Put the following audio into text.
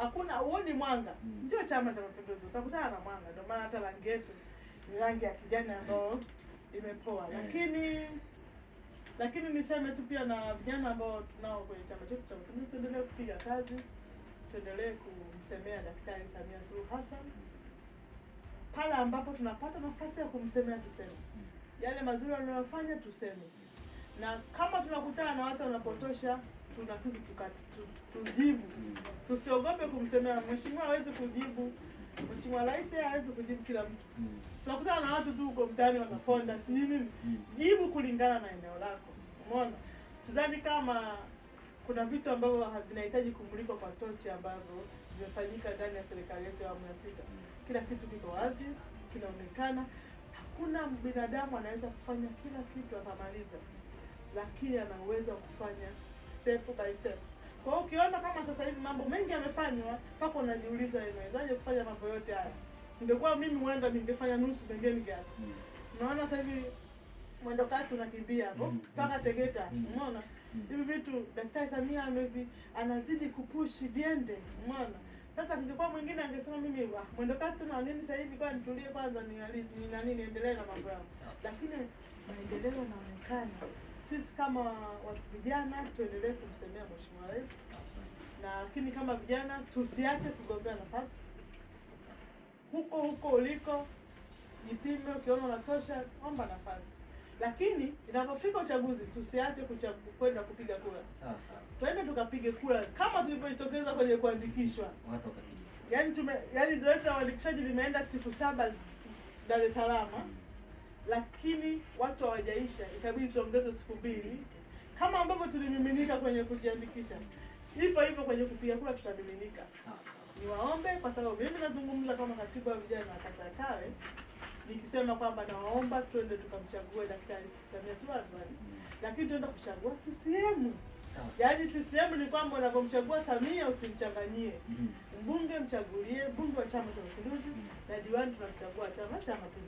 hakuna uoni mwanga mm. Chama cha Mapinduzi utakutana na mwanga, ndio maana hata rangi yetu ni rangi ya kijani ambayo imepoa mm. Lakini lakini niseme tu pia na vijana ambao tunao kwenye chama chetu cha Mapinduzi, tuendelee kupiga kazi, tuendelee kumsemea Daktari Samia Suluhu Hassan pale ambapo tunapata nafasi ya kumsemea, tuseme mm. yale mazuri anayofanya, tuseme na kama tunakutana na watu wanapotosha, tuna sisi tujibu, mm. tusiogope kumsemea mheshimiwa. Hawezi kujibu mheshimiwa rais, hawezi kujibu kila mtu. Mm. Tunakutana na watu tu huko mtaani wanaponda, sijui mimi, mm. jibu kulingana na eneo lako. Umeona, sidhani kama kuna vitu ambavyo vinahitaji kumulikwa kwa tochi ambavyo vimefanyika ndani ya serikali yetu ya awamu ya sita. Kila kitu kiko wazi, kinaonekana. Hakuna binadamu anaweza kufanya kila kitu akamaliza lakini ana uwezo wa kufanya step by step. Kwa hiyo ukiona kama sasa hivi mambo mengi yamefanywa, mpaka unajiuliza inawezaje kufanya mambo yote haya. Ningekuwa mimi mwenda ningefanya nusu, pengine ningeacha. Mm. Unaona sasa hivi mwendo kasi unakimbia hapo mm. mpaka mm. Tegeta, umeona hivi vitu Daktari Samia amevi anazidi kupushi viende, umeona sasa. Ningekuwa mwingine angesema mimi wa mwendo kasi tuna nini sasa hivi, kwa nitulie kwanza, ni nani niendelee na mambo yangu, lakini maendeleo yanaonekana sisi kama watu vijana tuendelee kumsemea Mheshimiwa Rais na lakini kama vijana tusiache kugombea nafasi huko huko uliko, jipime, ukiona unatosha omba nafasi, lakini inapofika uchaguzi tusiache kwenda kupiga kura. Sasa twende tukapige kura kama tulivyojitokeza kwenye kuandikishwa. Watu wakapiga, yaani tume, yaani zoezi la uandikishaji limeenda siku saba Dar es Salaam. Mm lakini watu hawajaisha, ikabidi tuongeze siku mbili, kama ambavyo tulimiminika kwenye kujiandikisha, hivyo hivyo kwenye kupiga kura tutamiminika. Niwaombe, kwa sababu mimi nazungumza kama katibu wa vijana wa kata ya Kawe nikisema kwamba nawaomba tuende tukamchague Daktari Samia Suluhu Hassan, lakini tuenda kuchagua CCM. Yaani CCM ni kwamba unapomchagua Samia usimchanganyie. Mm-hmm. Mbunge mchagulie mbunge wa Chama cha Mapinduzi na diwani tunamchagua Chama cha Mapinduzi.